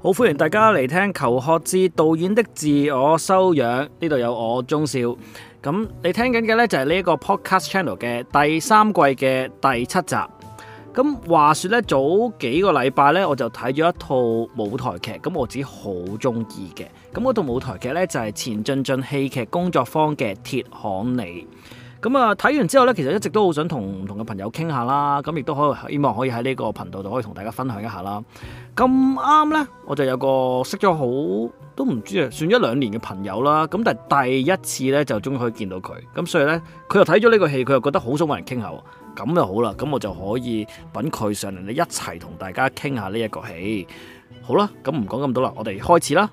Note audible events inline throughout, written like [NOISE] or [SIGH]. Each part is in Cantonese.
好歡迎大家嚟聽《求學誌導演的自我修養》，呢度有我鍾少。咁你聽緊嘅呢就係呢一個 Podcast Channel 嘅第三季嘅第七集。咁話說呢，早幾個禮拜呢，我就睇咗一套舞台劇，咁我自己好中意嘅。咁嗰套舞台劇呢，就係、是、前進進戲劇工作坊嘅《鐵行里》。咁啊，睇完之後呢，其實一直都好想同唔同嘅朋友傾下啦，咁亦都可以希望可以喺呢個頻道度可以同大家分享一下啦。咁啱呢，我就有個識咗好都唔知啊，算咗兩年嘅朋友啦。咁但係第一次呢，就終於可以見到佢，咁所以呢，佢又睇咗呢個戲，佢又覺得好想搵人傾下喎。咁就好啦，咁我就可以揾佢上嚟一齊同大家傾下呢一個戲。好啦，咁唔講咁多啦，我哋開始啦。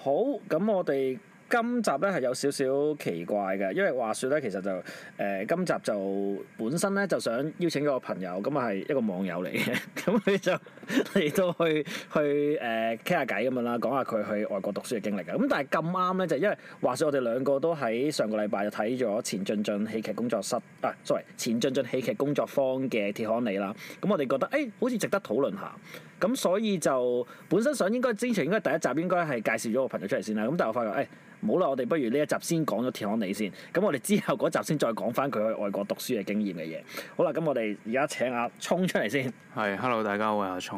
好，咁我哋今集咧係有少少奇怪嘅，因為話説咧，其實就誒、呃、今集就本身咧就想邀請個朋友，咁啊係一個網友嚟嘅，咁佢就。嚟都去去誒傾下偈咁樣啦，講下佢去外國讀書嘅經歷嘅。咁但係咁啱咧，就因為話說我哋兩個都喺上個禮拜就睇咗《前進進戲劇工作室》啊，啊，sorry，《前進進戲劇工作坊》嘅鐵康尼啦。咁我哋覺得誒、欸，好似值得討論下。咁所以就本身想應該之前應該第一集應該係介紹咗個朋友出嚟先啦。咁但係我發覺誒，欸、好啦，我哋不如呢一集先講咗鐵行里先。咁、嗯、我哋之後嗰集先再講翻佢去外國讀書嘅經驗嘅嘢。好啦，咁我哋而家請阿聰出嚟先。 [LAUGHS] 係，hello，大家好啊，我係阿聰。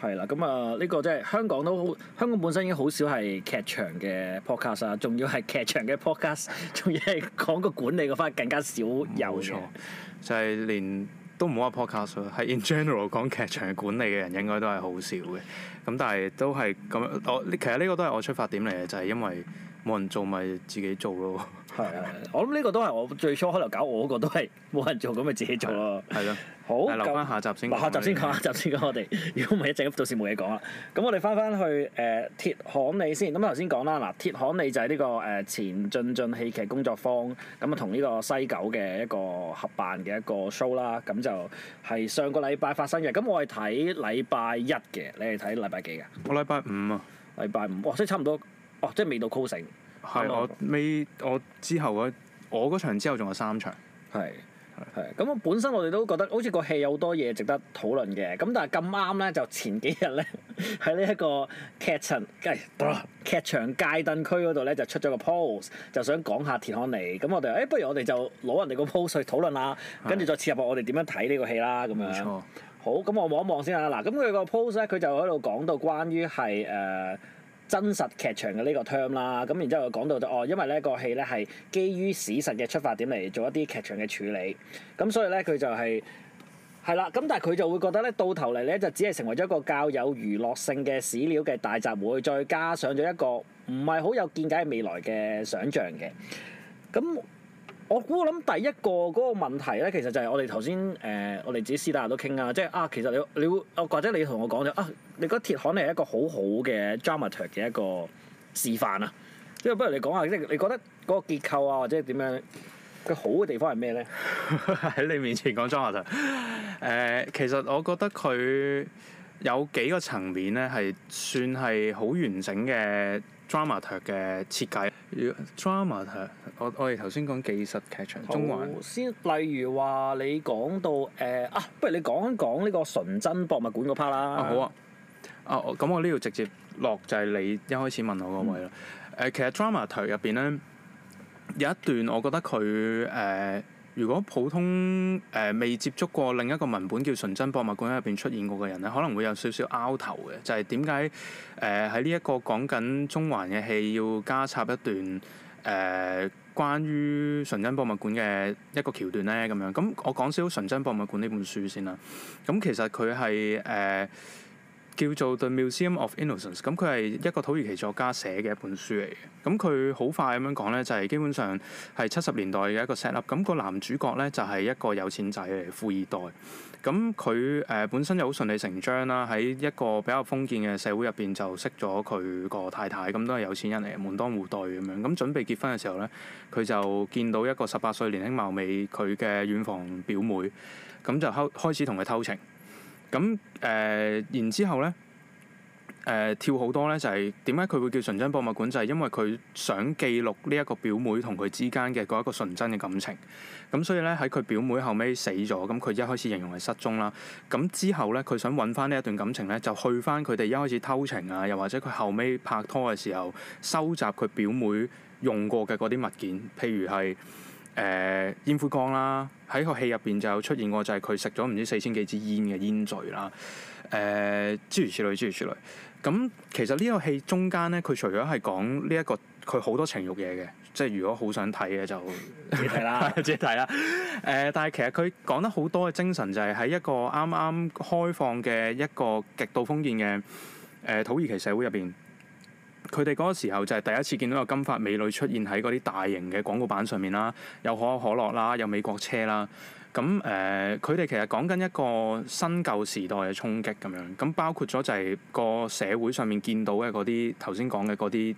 係啦，咁啊呢個即係香港都好。香港本身已經好少係劇場嘅 podcast 啊，仲要係劇場嘅 podcast，仲要係講個管理嘅方面更加少有嘅。冇錯，就係、是、連都唔話 podcast 咯，係 in general 講劇場管理嘅人應該都係好少嘅。咁但係都係咁，我其實呢個都係我出發點嚟嘅，就係、是、因為冇人做咪自己做咯。係啊的， [LAUGHS] 我諗呢個都係我最初可能搞我、嗰個都係冇人做咁咪自己做咯。係咯。好，留翻下集先， [LAUGHS] 下集先講， [LAUGHS] 下集先講我哋。如果唔係一陣，到時冇嘢講啦。咁我哋翻翻去誒、呃、鐵行里先。咁頭先講啦，嗱，鐵行里就係呢、這個誒、呃、前進進戲劇工作坊，咁啊同呢個西九嘅一個合辦嘅一個 show 啦。咁就係上個禮拜發生嘅。咁我係睇禮拜一嘅，你係睇禮拜幾嘅？我禮拜五啊，禮拜五，哇，即係差唔多，哦，即係未到 closing 未，我之後嗰，我嗰場之後仲有三場。係。係，咁我本身我哋都覺得好似個戲有好多嘢值得討論嘅。咁但係咁啱咧，就前幾日咧喺呢一個劇情街劇場街燈區嗰度咧就出咗個 post，就想講下田康尼。咁我哋誒不如我哋就攞人哋個 post 去討論下，跟住再切入我哋點樣睇呢個戲啦，咁錯樣。好，咁我望一望先啊，嗱，咁佢個 post 咧佢就喺度講到關於係誒。呃真實劇場嘅呢個 term 啦，咁然之後又講到哦，因為呢、呢個戲呢係基於史實嘅出發點嚟做一啲劇場嘅處理，咁所以呢，佢就係係啦，咁但係佢就會覺得呢，到頭嚟呢就只係成為咗一個較有娛樂性嘅史料嘅大集會，再加上咗一個唔係好有見解未來嘅想像嘅，咁。我估我諗第一個嗰個問題咧，其實就係我哋頭先誒，我哋自己私底下都傾啊，即係啊，其實你你會或者你同我講咗啊，你覺得鐵行係一個好好嘅 dramaturg 嘅一個示範啊，即係不如你講下，即係你覺得嗰個結構啊或者點樣，佢好嘅地方係咩咧？喺 [LAUGHS] 你面前講 dramaturg [LAUGHS] 誒、呃，其實我覺得佢有幾個層面咧，係算係好完整嘅。Dramaturg 嘅設計，Dramaturg，我我哋頭先講技術劇場中環先，例如話你講到誒、呃、啊，不如你講一講呢個純真博物館嗰 part 啦。好啊，啊、哦、咁我呢度直接落就係你一開始問我嗰位啦。誒、嗯呃、其實 Dramaturg 入邊咧有一段我覺得佢誒。呃如果普通誒未、呃、接觸過另一個文本叫《純真博物館》入邊出現過嘅人咧，可能會有少少拗頭嘅，就係點解誒喺呢一個講緊中環嘅戲要加插一段誒、呃、關於《純真博物館》嘅一個橋段咧？咁樣咁我講少少《純真博物館》呢本書先啦。咁其實佢係誒。呃叫做 The Museum of Innocence，咁佢係一個土耳其作家寫嘅一本書嚟嘅。咁佢好快咁樣講呢，就係、是、基本上係七十年代嘅一個 set up。咁個男主角呢，就係、是、一個有錢仔嚟，富二代。咁佢誒本身就好順理成章啦，喺一個比較封建嘅社會入邊就識咗佢個太太，咁都係有錢人嚟，門當戶對咁樣。咁準備結婚嘅時候呢，佢就見到一個十八歲年輕貌美佢嘅遠房表妹，咁就偷開始同佢偷情。咁誒、呃，然之後咧，誒、呃、跳好多咧，就係點解佢會叫純真博物館？就係、是、因為佢想記錄呢一個表妹同佢之間嘅嗰一個純真嘅感情。咁所以咧，喺佢表妹後尾死咗，咁佢一開始形容係失蹤啦。咁之後咧，佢想搵返呢一段感情咧，就去返佢哋一開始偷情啊，又或者佢後尾拍拖嘅時候，收集佢表妹用過嘅嗰啲物件，譬如係。誒、呃、煙灰缸啦，喺個戲入邊就有出現過，就係佢食咗唔知四千幾支煙嘅煙嘴啦。誒、呃、諸如此類，諸如此類。咁其實呢個戲中間咧，佢除咗係講呢一個，佢好多情慾嘢嘅，即係如果好想睇嘅就，別睇啦，別睇 [LAUGHS] 看啦。誒、 [LAUGHS] 呃，但係其實佢講得好多嘅精神就係喺一個啱啱開放嘅一個極度封建嘅誒、呃、土耳其社會入邊。佢哋嗰個時候就係第一次見到個金髮美女出現喺嗰啲大型嘅廣告板上面啦，有可口可樂啦，有美國車啦。咁誒佢哋其實講緊一個新舊時代嘅衝擊咁樣，咁包括咗就係個社會上面見到嘅啲頭先講嘅啲，誒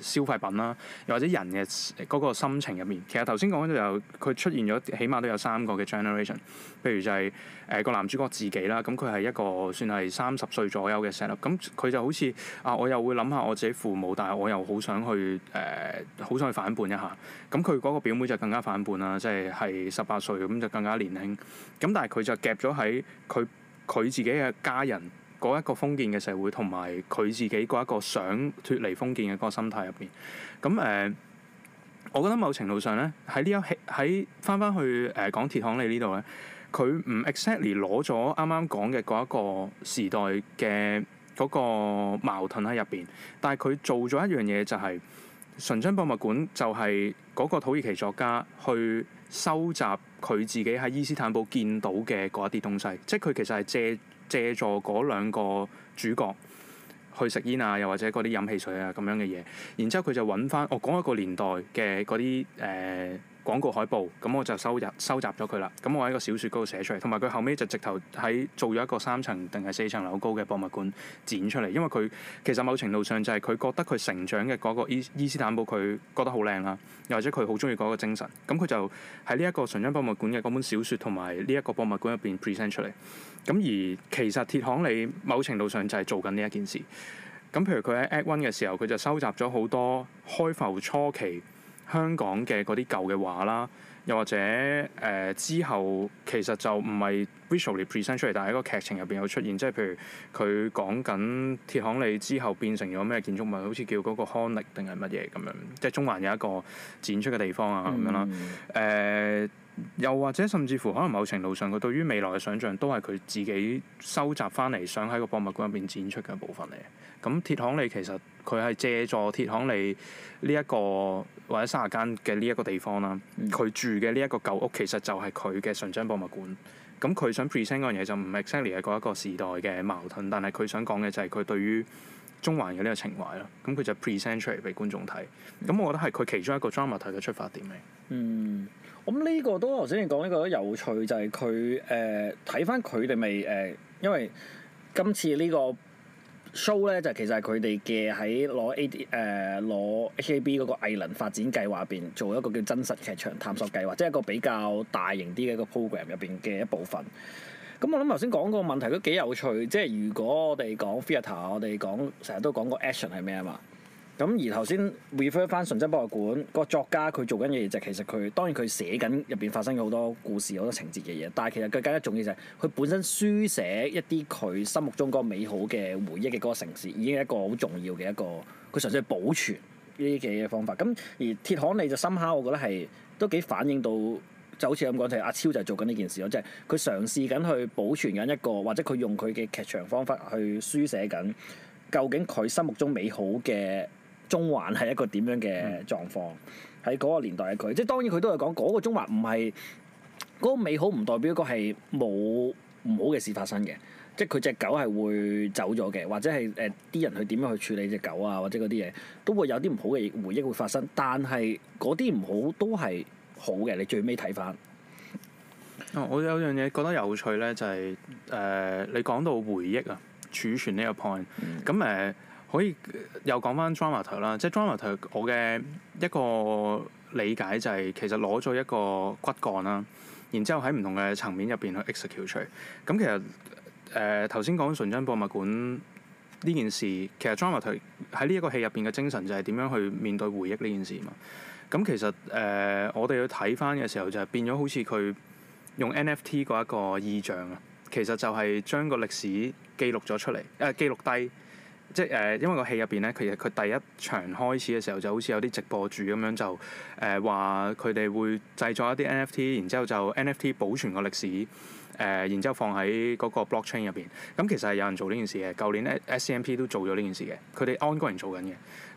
消費品啦，又或者人嘅個心情入面。其實頭先講緊就有佢出現咗，起碼都有三個嘅 generation。譬如就係誒個男主角自己啦，咁佢係一個算係三十歲左右嘅 set 啦。咁佢就好似啊，我又會諗下我自己父母，但係我又好想去誒好想去反叛一下。咁佢個表妹就更加反叛啦，即係係十八歲咁就更。啊！年輕咁，但係佢就夾咗喺佢佢自己嘅家人嗰一個封建嘅社會，同埋佢自己嗰一個想脫離封建嘅嗰個心態入邊。咁誒、呃，我覺得某程度上咧，喺呢一喺翻翻去誒、呃講《鐵行里》呢度咧，佢唔 exactly 攞咗啱啱講嘅嗰一個時代嘅嗰個矛盾喺入邊，但係佢做咗一樣嘢就係、是、純真博物館，就係嗰個土耳其作家去。收集佢自己喺伊斯坦堡見到嘅嗰一啲東西，即係佢其實係借借助嗰兩個主角去食煙啊，又或者嗰啲飲汽水啊咁樣嘅嘢，然之後，佢就揾翻，哦講一個年代嘅嗰啲誒。呃廣告海報咁我就收入收集咗佢啦。咁我喺個小説嗰度寫出嚟，同埋佢後尾就直頭喺做咗一個三層定係四層樓高嘅博物館展出嚟。因為佢其實某程度上就係佢覺得佢成長嘅嗰個伊伊斯坦堡，佢覺得好靚啦，又或者佢好鍾意嗰個精神。咁佢就喺呢一個純真博物館嘅嗰本小説同埋呢一個博物館入邊 present 出嚟。咁而其實鐵行里某程度上就係做緊呢一件事。咁譬如佢喺 Act One 嘅時候，佢就收集咗好多開埠初期，香港嘅嗰啲舊嘅畫啦，又或者誒、呃、之後其實就唔係 visually present 出嚟，但係喺個劇情入邊有出現，即係譬如佢講緊鐵行里之後變成咗咩建築物，好似叫嗰個康力定係乜嘢咁樣，即係中環有一個展出嘅地方啊咁、mm hmm. 樣啦，誒、呃。又或者甚至乎，可能某程度上，佢對於未來嘅想像都係佢自己收集翻嚟，想喺個博物館入邊展出嘅部分嚟。咁鐵行里其實佢係借助鐵行里呢一個或者卅間嘅呢一個地方啦，佢住嘅呢一個舊屋其實就係佢嘅純真博物館。咁佢想 present 嗰樣嘢就唔 exactly 係嗰一個時代嘅矛盾，但係佢想講嘅就係佢對於中環嘅呢個情懷啦。咁佢就 present 出嚟俾觀眾睇。咁我覺得係佢其中一個 dramaturgy 嘅出發點嚟。嗯咁呢個都頭先你講呢個都有趣，就係佢誒睇翻佢哋咪誒，因為今次呢個 show 咧，就是、其實係佢哋嘅喺攞 A D 誒攞 H A B 嗰個藝能發展計劃入邊做一個叫真實劇場探索計劃，即係一個比較大型啲嘅一個 program 入邊嘅一部分。咁我諗頭先講個問題都幾有趣，即係如果我哋講 theatre 我哋講成日都講個 action 係咩啊嘛？咁而頭先 refer 翻純真博物館個作家，佢做緊嘢，就其實佢當然佢寫緊入邊發生好多故事好多情節嘅嘢，但係其實更加重要就係佢本身書寫一啲佢心目中嗰個美好嘅回憶嘅嗰個城市，已經係一個好重要嘅一個佢嘗試去保存呢啲嘅方法。咁而鐵行里就深刻，我覺得係都幾反映到，就好似咁講，就係阿超就係做緊呢件事咯，即係佢嘗試緊去保存緊一個或者佢用佢嘅劇場方法去書寫緊究竟佢心目中美好嘅。中環係一個點樣嘅狀況？喺嗰、嗯、個年代嘅佢，即係當然佢都係講嗰個中環唔係嗰個美好，唔代表個係冇唔好嘅事發生嘅。即係佢隻狗係會走咗嘅，或者係誒啲人去點樣去處理隻狗啊，或者嗰啲嘢都會有啲唔好嘅回憶會發生。但係嗰啲唔好都係好嘅。你最尾睇返，我有樣嘢覺得有趣咧、就係，就係誒你講到回憶啊，儲存呢個 point，咁誒、嗯。可以又講翻 dramaturgy 啦，即係 dramaturgy 我嘅一個理解就係其實攞咗一個骨幹啦，然之後喺唔同嘅層面入邊去 execute 出去。咁其實誒頭先講純真博物館呢件事，其實 dramaturgy 喺呢一個戲入邊嘅精神就係點樣去面對回憶呢件事嘛。咁其實誒、呃、我哋去睇翻嘅時候就係變咗好似佢用 NFT 嗰一個意象啊，其實就係將個歷史記錄咗出嚟，誒、呃、記錄低。即係誒、呃，因為個戲入邊咧，其實佢第一場開始嘅時候就好似有啲直播主咁樣就，就誒話佢哋會製作一啲 NFT，然之後就 NFT 保存個歷史誒、呃，然之後放喺嗰個 blockchain 入邊。咁、嗯、其實係有人做呢件事嘅，舊年 SCMP 都做咗呢件事嘅，佢哋 ongoing 做緊嘅。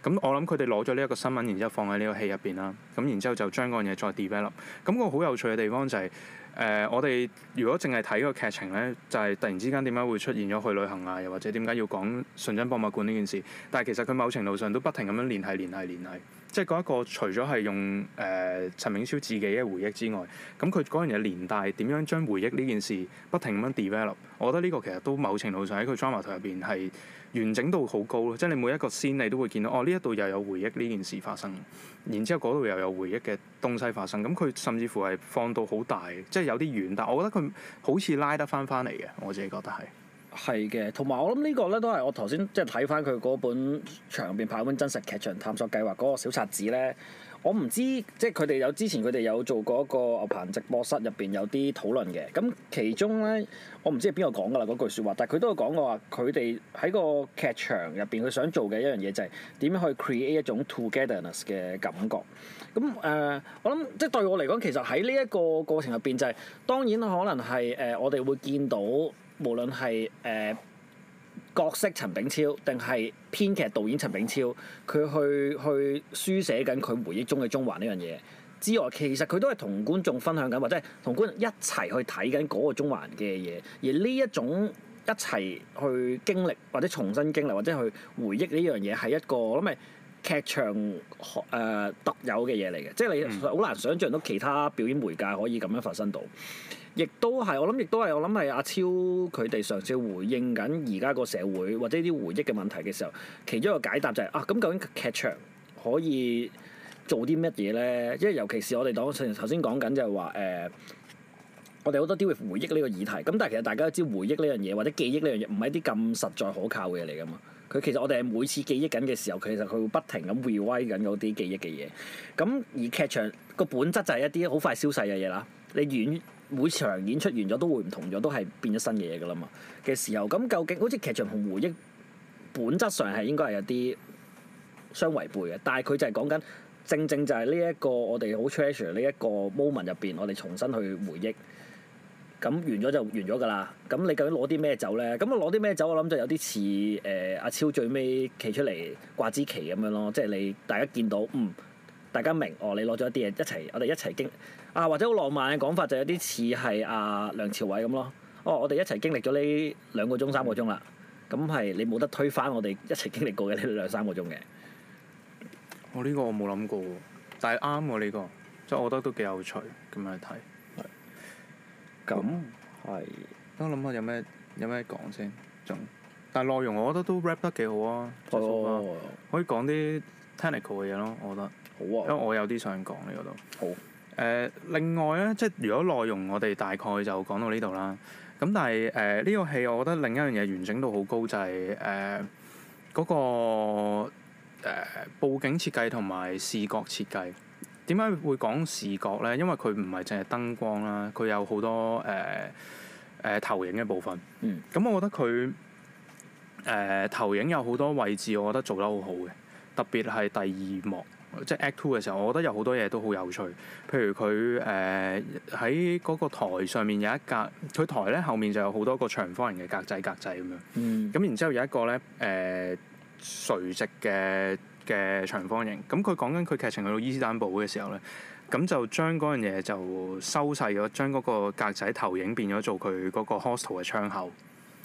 咁、嗯、我諗佢哋攞咗呢一個新聞，然之後放喺呢個戲入邊啦。咁然之後就將個嘢再 develop、嗯。咁、個好有趣嘅地方就係、是。誒、呃，我哋如果淨係睇個劇情咧，就係、是、突然之間點解會出現咗去旅行啊？又或者點解要講純真博物館呢件事？但係其實佢某程度上都不停咁樣聯繫、聯繫、聯繫。即係嗰一個除，除咗係用誒陳明超自己嘅回憶之外，咁佢嗰樣嘢年代點樣將回憶呢件事不停咁樣 develop，我覺得呢個其實都某程度上喺佢 dramaturgy 入邊係完整度好高咯。即係你每一個 scene 你都會見到哦，呢一度又有回憶呢件事發生，然之後嗰度又有回憶嘅東西發生。咁佢甚至乎係放到好大，即係有啲遠，但我覺得佢好似拉得翻翻嚟嘅。我自己覺得係。係嘅，同埋我諗呢個咧都係我頭先即係睇翻佢嗰本長入邊拍本真實劇場探索計劃嗰個小冊子咧，我唔知即係佢哋有之前佢哋有做過一個牛棚直播室入邊有啲討論嘅，咁其中咧我唔知係邊個講㗎喇嗰句説話，但係佢都有講過話佢哋喺個劇場入邊佢想做嘅一樣嘢就係點樣去 create 一種 togetherness 嘅感覺。咁誒、呃，我諗即係對我嚟講，其實喺呢一個過程入邊就係、是、當然可能係誒、呃、我哋會見到。無論係誒、呃、角色陳炳超，定係編劇導演陳炳超，佢去去書寫緊佢回憶中嘅中環呢樣嘢之外，其實佢都係同觀眾分享緊，或者係同觀眾一齊去睇緊嗰個中環嘅嘢。而呢一種一齊去經歷，或者重新經歷，或者去回憶呢樣嘢，係一個諗咪劇場誒、呃、特有嘅嘢嚟嘅，即係你好難想像到其他表演媒介可以咁樣發生到，亦都係我諗，亦都係我諗係阿超佢哋上次回應緊而家個社會或者啲回憶嘅問題嘅時候，其中一個解答就係、是、啊，咁究竟劇場可以做啲乜嘢咧？因為尤其是我哋當頭先講緊就係話誒，我哋好多啲會回憶呢個議題，咁但係其實大家都知回憶呢樣嘢或者記憶呢樣嘢，唔係一啲咁實在可靠嘅嘢嚟噶嘛。佢其實我哋係每次記憶緊嘅時候，其實佢會不停咁 revisit 緊嗰啲記憶嘅嘢。咁而劇場個本質就係一啲好快消逝嘅嘢啦。你演每場演出完咗都會唔同咗，都係變咗新嘢㗎啦嘛。嘅時候，咁究竟好似劇場同回憶本質上係應該係有啲相違背嘅，但係佢就係講緊正正就係呢一個我哋好 treasure 呢一個 moment 入邊，我哋重新去回憶。咁完咗就完咗㗎啦。咁你究竟攞啲咩酒咧？咁我攞啲咩酒？我諗就有啲似誒阿超最尾企出嚟掛枝旗咁樣咯。即係你大家見到，嗯，大家明哦，你攞咗一啲嘢一齊，我哋一齊經啊，或者好浪漫嘅講法就有啲似係阿梁朝偉咁咯。哦，我哋一齊經歷咗呢兩個鐘、嗯、三個鐘啦。咁係你冇得推翻我哋一齊經歷過嘅呢兩三個鐘嘅。我呢、哦呢個我冇諗過，但係啱喎呢個，即係我覺得都幾有趣咁樣睇。咁係，等我諗下有咩有咩講先，仲。但內容我覺得都 rap 得幾好啊，可以講啲 technical 嘅嘢咯，我覺得。好啊、哦。因為我有啲想講呢個都。好、哦。誒、哦呃、另外咧，即、就、係、是、如果內容我哋大概就講到呢度啦。咁但係誒呢個戲我覺得另一樣嘢完整度好高、就是，就係誒嗰個誒佈景設計同埋視覺設計。點解會講視覺咧？因為佢唔係淨係燈光啦，佢有好多誒誒、呃呃、投影嘅部分。Mm. 嗯。咁我覺得佢誒、呃、投影有好多位置，我覺得做得好好嘅。特別係第二幕，即、就、係、係、Act Two 嘅時候，我覺得有好多嘢都好有，有趣。譬如佢誒喺嗰個台上面有一格，佢台咧後面就有好多個長方形嘅格仔格仔咁樣、mm. 嗯。嗯。咁然之後有一個咧誒、呃、垂直嘅。嘅長方形，咁佢講緊佢劇情去到伊斯坦堡嘅時候咧，咁就將嗰樣嘢就收細咗，將嗰個格仔投影變咗做佢嗰個 hostel 嘅窗口。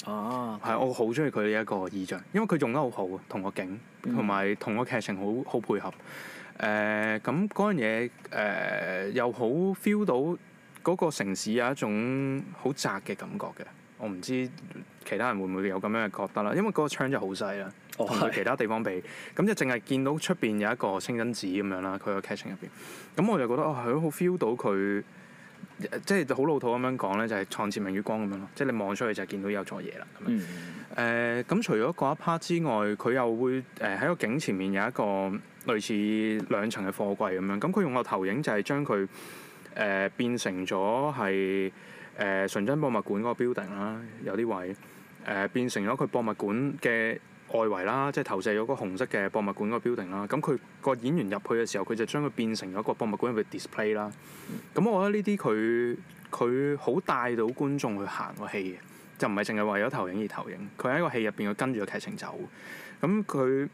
哦、啊，係，我好中意佢呢一個意象，因為佢用得好好，同個景同埋同個劇情好好配合。誒、呃，咁嗰樣嘢誒又好 feel 到嗰個城市有一種好窄嘅感覺嘅。我唔知其他人會唔會有咁樣嘅覺得啦，因為嗰個窗就好細啦，同其他地方比，咁 [LAUGHS] 就淨係見到出邊有一個清真寺咁樣啦，佢個劇情入邊，咁我就覺得哦，佢好 feel 到佢，即係好老土咁樣講咧，就係、是、創設明月光咁樣咯，即、就、係、是、你望出去就係見到有座嘢啦。誒、嗯嗯呃，咁除咗嗰一 part 之外，佢又會誒喺個景前面有一個類似兩層嘅貨櫃咁樣，咁佢用個投影就係將佢誒、呃、變成咗係。誒、呃、純真博物館嗰個 building 啦，有啲位誒、呃、變成咗佢博物館嘅外圍啦，即係投射咗個紅色嘅博物館個 building 啦。咁佢個演員入去嘅時候，佢就將佢變成咗個博物館嘅 display 啦。咁我覺得呢啲佢佢好帶到觀眾去行個戲嘅，就唔係淨係為咗投影而投影。佢喺個戲入邊佢跟住個劇情走。咁佢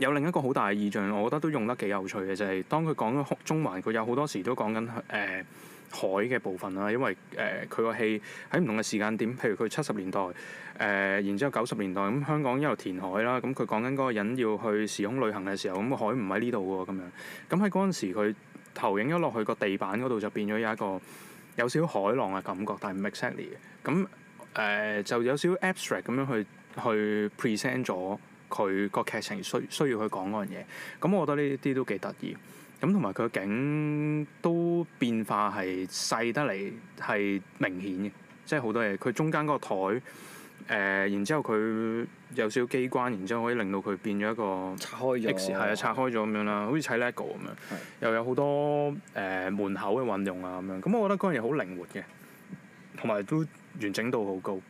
有另一個好大嘅意象，我覺得都用得幾有趣嘅，就係、是、當佢講咗中環，佢有好多時都講緊誒。呃海嘅部分啦，因為誒佢個戲喺唔同嘅時間點，譬如佢七十年代誒、呃，然之後九十年代咁、嗯、香港一路填海啦，咁佢講緊嗰個人要去時空旅行嘅時候，咁、嗯、個海唔喺呢度喎，咁樣，咁喺嗰陣時佢投影咗落去個地板嗰度就變咗有一個有少少海浪嘅感覺，但係唔 exact 嘅，咁、嗯、誒、呃、就有少少 abstract 咁樣去去 present 咗佢個劇情需要需要去講嗰樣嘢，咁、嗯、我覺得呢啲都幾得意。咁同埋佢個景都變化係細得嚟，係明顯嘅，即係好多嘢。佢中間嗰個台，誒、呃，然之後佢有少少機關，然之後可以令到佢變咗一個 X，拆開咗，即係啊，拆開咗咁樣啦，好似砌 lego 咁樣，是又有好多誒、呃、門口嘅運用啊咁樣。咁我覺得嗰樣嘢好靈活嘅，同埋都完整度好高。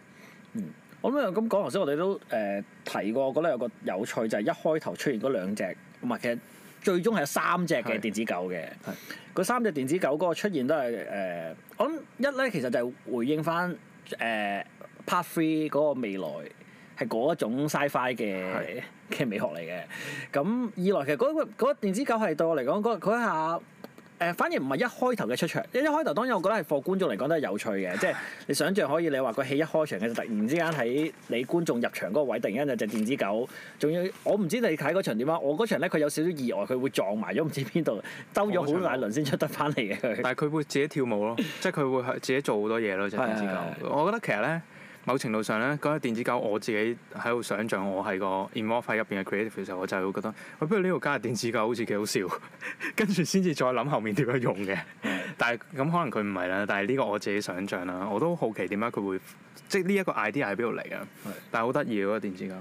嗯，我諗咁講頭先，我哋都誒、呃、提過，覺得有個有趣就係一開頭出現嗰兩隻唔係其實。最終係三隻嘅電子狗嘅，嗰三隻電子狗嗰個出現都係誒、呃，我諗一咧其實就係回應翻誒、呃、part three 嗰個未來係嗰種 sci-fi 嘅嘅美學嚟嘅。咁二來其實嗰、嗰個電子狗係對我嚟講嗰嗰誒反而唔係一開頭嘅出場，一一開頭當然我覺得係 for 觀眾嚟講都係有趣嘅， [LAUGHS] 即係你想象可以你話個戲一開場嘅，突然之間喺你觀眾入場嗰位，突然間有隻電子狗，仲要我唔知你睇嗰場點啊？我嗰場咧佢有少少意外，佢會撞埋咗唔知邊度，兜咗好大輪先出得翻嚟嘅。 [LAUGHS] 但係佢會自己跳舞咯， [LAUGHS] 即係佢會自己做好多嘢咯，隻 [LAUGHS] 電子狗。我覺得其實咧。某程度上咧，講、那、起、個、電子狗，我自己喺度想像我係個 involve 入邊嘅 creative 嘅時候，我就會覺得，喂、哎，不如呢度加入電子狗好似幾好笑，跟住先至再諗後面點樣用嘅、嗯嗯。但係咁可能佢唔係啦，但係呢個我自己想像啦，我都好奇點解佢會即係呢一個 idea 喺邊度嚟㗎？是但係好得意喎，那個、電子狗。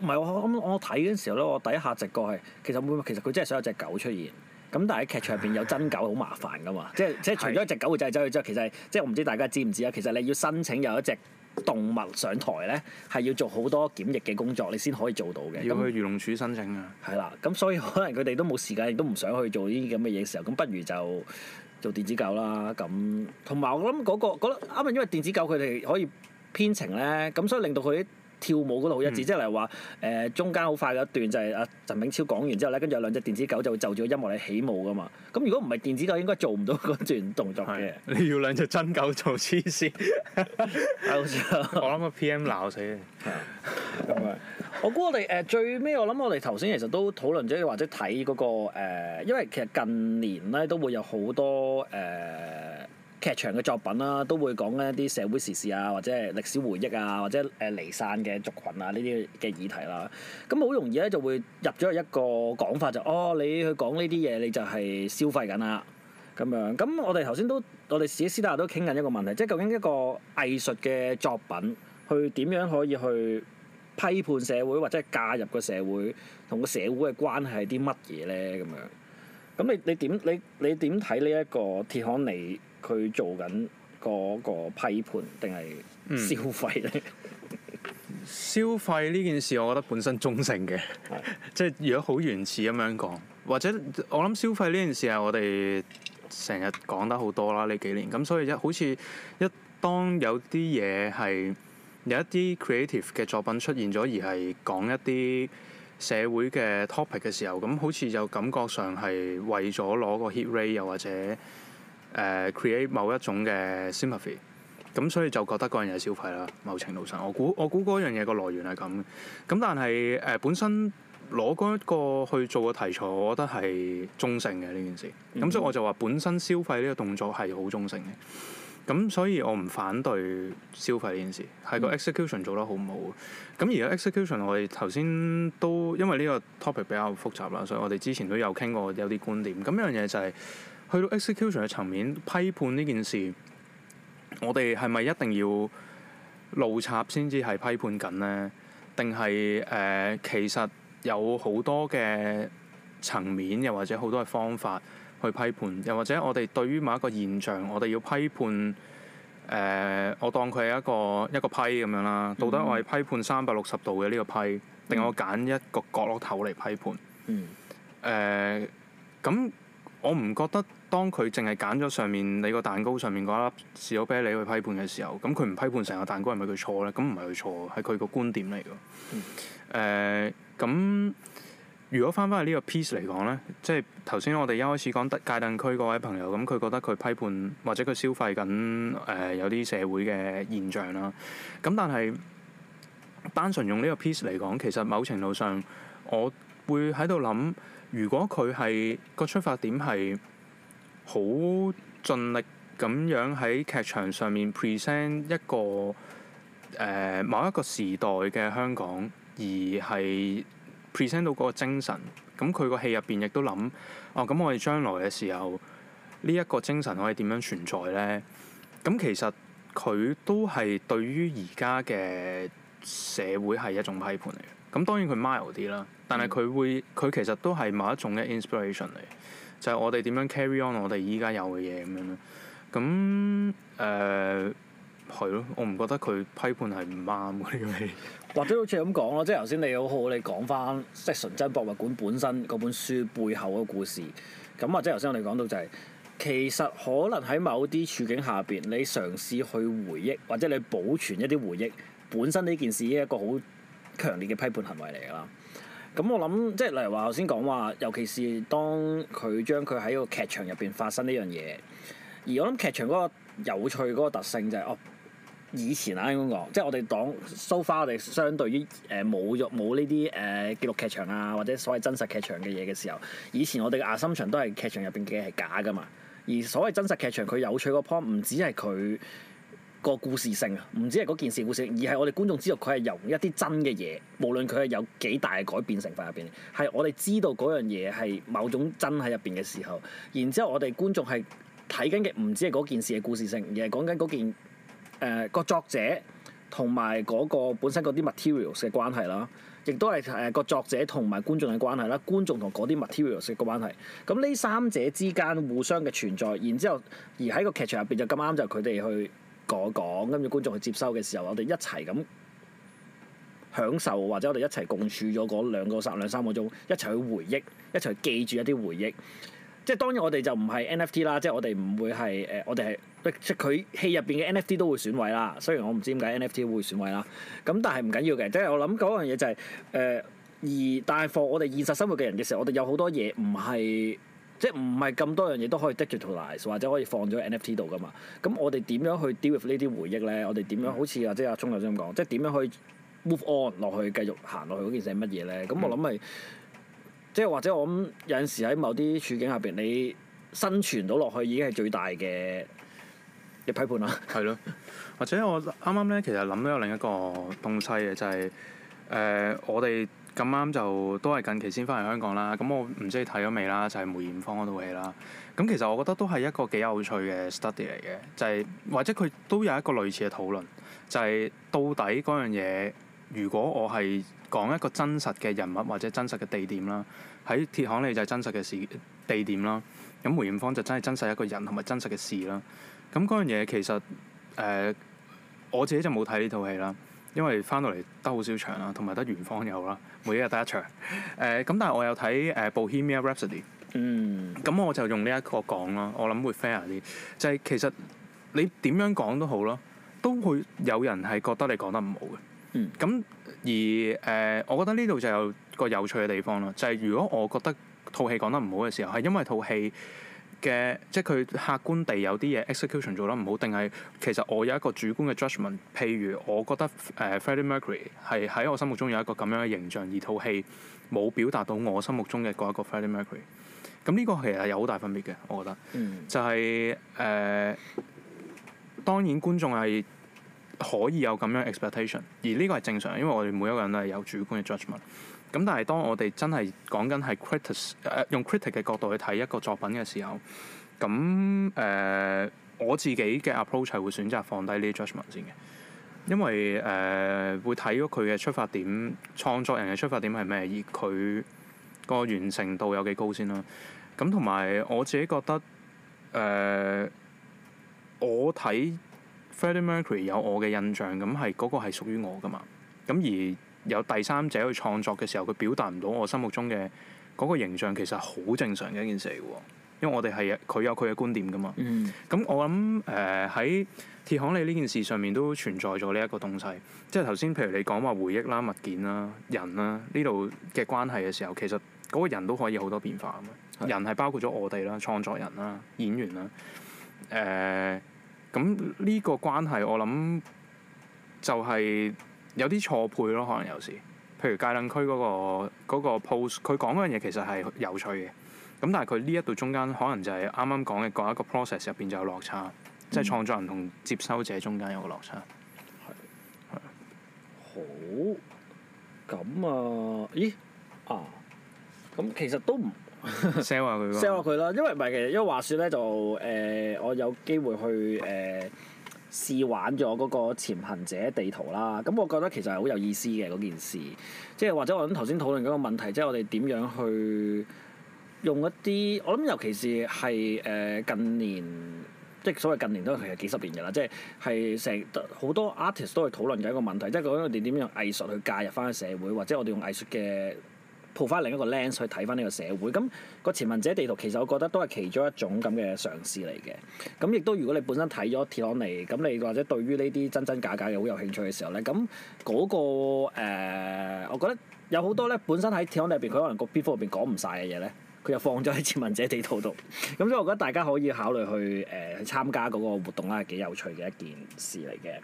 唔係我我睇嗰陣時候咧，我第一下直覺係其實會，其實佢真係想有隻狗出現。咁但係喺劇場入邊有真狗好 [LAUGHS] 麻煩㗎嘛，即係 [LAUGHS] 即係除咗一隻狗會走嚟走去之外，其實即係我唔知大家知唔知啊？其實你要申請，申請有一隻。動物上台咧，係要做好多檢疫嘅工作，你先可以做到嘅。要去漁農署申請啊。係啦，咁所以可能佢哋都冇時間，亦都唔想去做呢啲咁嘅嘢時候，咁不如就做電子狗啦。咁同埋我諗嗰、嗰個嗰啱啱，因為電子狗佢哋可以編程咧，咁所以令到佢。跳舞嗰度好一致，即係例如話誒中間好快嗰一段就係阿、啊、陳炳釗講完之後咧，跟住有兩隻電子狗就會就住個音樂嚟起舞噶嘛。咁如果唔係電子狗，應該做唔到嗰段動作嘅。你要兩隻真狗做黐線，我諗個 PM 鬧死。咁啊，呃、我估我哋誒最尾我諗我哋頭先其實都討論咗或者睇嗰、嗰個、呃、因為其實近年咧都會有好多誒。呃劇場嘅作品啦、啊，都會講一啲社會時事啊，或者歷史回憶啊，或者誒離散嘅族群啊呢啲嘅議題啦、啊。咁好容易咧，就會入咗一個講法、就是，就哦，你去講呢啲嘢，你就係消費緊啦、啊。咁樣咁，我哋頭先都我哋自己私底下都傾緊一個問題，即係究竟一個藝術嘅作品去點樣可以去批判社會，或者介入個社會同個社會嘅關係係啲乜嘢咧？咁樣咁，你你點你你點睇呢一個鐵行里？佢做緊嗰個批判定係消費咧？消費呢件事，我覺得本身中性嘅， [LAUGHS] 是的 即係如果好原始咁樣講，或者我諗消費呢件事係我哋成日講得好多啦呢幾年，咁所以好一好似一當有啲嘢係有一啲 creative 嘅作品出現咗，而係講一啲社會嘅 topic 嘅時候，咁好似就感覺上係為咗攞個 hit rate 又或者。誒、uh, create 某一種嘅 sympathy，咁所以就覺得嗰樣嘢消費啦。某程度上，我估我估嗰樣嘢個來源係咁。咁但係誒、呃、本身攞嗰個去做嘅題材，我覺得係中性嘅呢件事。咁、嗯、所以我就話本身消費呢個動作係好中性嘅。咁所以我唔反對消費呢件事係個 execution 做得好唔好。咁而家 execution 我哋頭先都因為呢個 topic 比較複雜啦，所以我哋之前都有傾過有啲觀點。咁呢樣嘢就係、是。去到 execution 嘅層面，批判呢件事，我哋係咪一定要露插先至係批判緊咧？定係誒，其實有好多嘅層面，又或者好多嘅方法去批判，又或者我哋對於某一個現象，我哋要批判誒、呃，我當佢係一個一個批咁樣啦。到底我係批判三百六十度嘅呢個批，定我揀一個角落頭嚟批判？嗯。誒、呃，咁我唔覺得。當佢淨係揀咗上面你個蛋糕上面嗰粒士多啤梨去批判嘅時候，咁佢唔批判成個蛋糕係咪佢錯呢？咁唔係佢錯，係佢個觀點嚟嘅。誒咁、嗯呃，如果翻翻去呢個 piece 嚟講呢，即係頭先我哋一開始講得界墩區嗰位朋友咁，佢覺得佢批判或者佢消費緊、呃、有啲社會嘅現象啦、啊。咁但係單純用呢個 piece 嚟講，其實某程度上我會喺度諗，如果佢係個出發點係好盡力咁樣喺劇場上面 present 一個誒、呃、某一個時代嘅香港，而係 present 到嗰個精神。咁佢個戲入邊亦都諗哦，咁我哋將來嘅時候呢一、這個精神可以點樣存在呢？」咁其實佢都係對於而家嘅社會係一種批判嚟嘅。咁當然佢 mile 啲啦，但係佢會佢、嗯、其實都係某一種嘅 inspiration 嚟，就係我哋點樣 carry on 我哋依家有嘅嘢咁樣咯，咁誒係咯，我唔覺得佢批判係唔啱嗰啲嘢。或者好似咁講咯，即係頭先你好好你講翻，即係純真博物館本身嗰本書背後嗰個故事。咁或者係頭先我哋講到就係，其實可能喺某啲處境下邊，你嘗試去回憶或者你保存一啲回憶，本身呢件事已經一個好強烈嘅批判行為嚟㗎啦。咁我諗即係例如話，頭先講話，尤其是當佢將佢喺個劇場入邊發生呢樣嘢，而我諗劇場嗰個有趣嗰個特性就係、是、哦，以前啊，應該講，即係我哋講 so far，我哋相對於誒冇咗冇呢啲誒紀錄劇場啊，或者所謂真實劇場嘅嘢嘅時候，以前我哋嘅牙心場都係劇場入邊嘅嘢係假噶嘛。而所謂真實劇場，佢有趣個 point 唔止係佢。個故事性啊，唔止係嗰件事故事性，而係我哋觀眾知道佢係由一啲真嘅嘢，無論佢係有幾大嘅改變成分入邊，係我哋知道嗰樣嘢係某種真喺入邊嘅時候，然之後我哋觀眾係睇緊嘅唔止係嗰件事嘅故事性，而係講緊嗰件誒個、呃、作者同埋嗰個本身嗰啲 materials 嘅關係啦，亦都係誒個作者同埋觀眾嘅關係啦，觀眾同嗰啲 materials 嘅個關係。咁呢三者之間互相嘅存在，然之後而喺個劇場入邊就咁啱就佢哋去。我講，跟住觀眾去接收嘅時候，我哋一齊咁享受，或者我哋一齊共處咗嗰兩個三兩三個鐘，一齊去回憶，一齊去記住一啲回憶。即係當然我哋就唔係 NFT 啦，即係我哋唔會係誒，我哋係佢戲入邊嘅 NFT 都會損毀啦。雖然我唔知點解 NFT 會損毀啦，咁但係唔緊要嘅。即係我諗嗰樣嘢就係、誒、呃，而但係 for 我哋現實生活嘅人嘅時候，我哋有好多嘢唔係。即係唔係咁多樣嘢都可以 digitalize 或者可以放咗 NFT 度噶嘛？咁我哋點樣去 deal with 呢啲回憶咧？我哋點樣、嗯、好似或者阿聰頭先咁講，即係點樣可以 move on 落去繼續行落去嗰件事係乜嘢咧？咁我諗係、嗯、即係或者我諗有陣時喺某啲處境下邊，你生存到落去已經係最大嘅嘅批判啦。係咯，或者我啱啱咧，其實諗咗有另一個東西嘅，就係、是、誒、呃、我哋。咁啱就都係近期先翻嚟香港啦，咁、嗯、我唔知你睇咗未啦，就係、是、梅艷芳嗰套戲啦。咁、嗯、其實我覺得都係一個幾有趣嘅 study 嚟嘅，就係、是、或者佢都有一個類似嘅討論，就係、是、到底嗰樣嘢，如果我係講一個真實嘅人物或者真實嘅地點啦，喺鐵行里就係真實嘅事地點啦，咁、嗯、梅艷芳就真係真實一個人同埋真實嘅事啦。咁嗰樣嘢其實誒、呃、我自己就冇睇呢套戲啦。因為翻到嚟得好少場啦，同埋得圓方有啦，每一日得一場。誒、呃、咁，但係我有睇 Bohemian 誒《布希米亞韻詩》。嗯。咁、嗯、我就用呢一個講啦，我諗會 fair 啲。就係、是、其實你點樣講都好咯，都會有人係覺得你講得唔好嘅。嗯。咁而誒、呃，我覺得呢度就有個有趣嘅地方咯，就係、是、如果我覺得套戲講得唔好嘅時候，係因為套戲。嘅，即係佢客觀地有啲嘢 execution 做得唔好，定係其實我有一個主觀嘅 judgment。譬如我覺得誒 Freddie Mercury 係喺我心目中有一個咁樣嘅形象，而套戲冇表達到我心目中嘅嗰一個 Freddie Mercury。咁呢個其實係有好大分別嘅，我覺得。嗯、就係、是、誒、呃，當然觀眾係可以有咁樣 expectation，而呢個係正常，因為我哋每一個人都係有主觀嘅 judgment。咁但係當我哋真係講緊係 critics 誒、呃、用 critic 嘅角度去睇一個作品嘅時候，咁誒、呃、我自己嘅 approach 係會選擇放低呢啲 judgment 先嘅，因為誒、呃、會睇咗佢嘅出發點，創作人嘅出發點係咩，而佢個完成度有幾高先啦。咁同埋我自己覺得誒、呃，我睇 Freddie Mercury 有我嘅印象，咁係嗰個係屬於我噶嘛。咁而有第三者去創作嘅時候，佢表達唔到我心目中嘅嗰個形象，其實好正常嘅一件事嚟嘅喎。因為我哋係佢有佢嘅觀點噶嘛。咁、嗯、我諗誒喺鐵行里呢件事上面都存在咗呢一個東西。即係頭先，譬如你講話回憶啦、物件啦、人啦呢度嘅關係嘅時候，其實嗰個人都可以好多變化咁啊。是的 人係包括咗我哋啦、創作人啦、演員啦。誒、呃，咁呢個關係我諗就係、是。有啲錯配咯，可能有時，譬如界論區嗰、嗰個嗰個 post，佢講嗰樣嘢其實係有趣嘅。咁但係佢呢一度中間可能就係啱啱講嘅嗰一個 process 入邊就有落差，嗯、即係創作人同接收者中間有個落差。係係是是好咁啊？咦啊？咁其實都唔 sell 啊佢 sell 啊佢啦，因為唔係其實因為話説咧，就、呃、誒我有機會去誒。呃試玩咗嗰個潛行者地圖啦，咁我覺得其實係好有意思嘅嗰件事，即係或者我諗頭先討論嗰個問題，即係我哋點樣去用一啲，我諗尤其是係誒近年，即係所謂近年都係其實幾十年嘅啦，即係係成好多 artist 都去討論緊一個問題，即係講我哋點樣用藝術去介入翻社會，或者我哋用藝術嘅。鋪翻另一個 lens 去睇翻呢個社會，咁、那個潛文者地圖其實我覺得都係其中一種咁嘅嘗試嚟嘅。咁亦都如果你本身睇咗鐵行里，咁你或者對於呢啲真真假假嘅好有興趣嘅時候咧，咁嗰、那個、呃、我覺得有好多咧本身喺鐵行里入邊佢可能個篇幅入邊講唔晒嘅嘢咧，佢又放咗喺潛文者地圖度。咁所以我覺得大家可以考慮去誒、呃、去參加嗰個活動啦，幾有趣嘅一件事嚟嘅。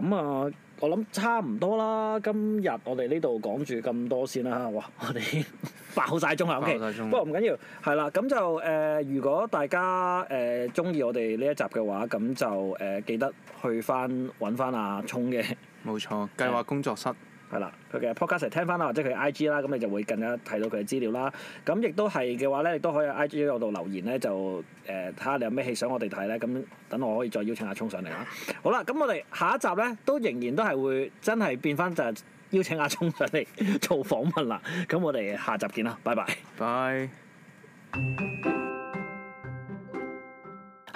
咁啊～我諗差唔多啦，今日我哋呢度講住咁多先啦。哇，我哋爆曬鐘啊！Okay，不過唔緊要，係啦，咁就誒、呃，如果大家誒中意我哋呢一集嘅話，咁就誒、呃、記得去翻揾翻阿聰嘅。冇錯，計劃工作室。係啦，佢嘅 podcast 聽翻啦，或者佢 IG 啦，咁你就會更加睇到佢嘅資料啦。咁亦都係嘅話咧，亦都可以喺 IG 我度留言咧，就誒睇下你有咩戲想我哋睇咧。咁等我可以再邀請阿聰上嚟啦。好啦，咁我哋下一集咧都仍然都係會真係變翻就係邀請阿聰上嚟做訪問啦。咁我哋下集見啦，拜拜。Bye.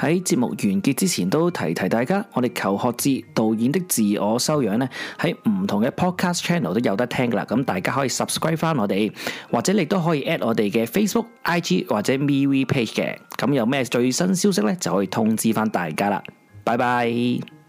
喺節目完結之前都提提大家，我哋求學誌導演的自我修養咧，喺唔同嘅 podcast channel 都有得聽噶啦。咁大家可以 subscribe 翻我哋，或者你都可以 at 我哋嘅 Facebook、IG 或者 MeWe page 嘅。咁有咩最新消息咧，就可以通知翻大家啦。拜拜。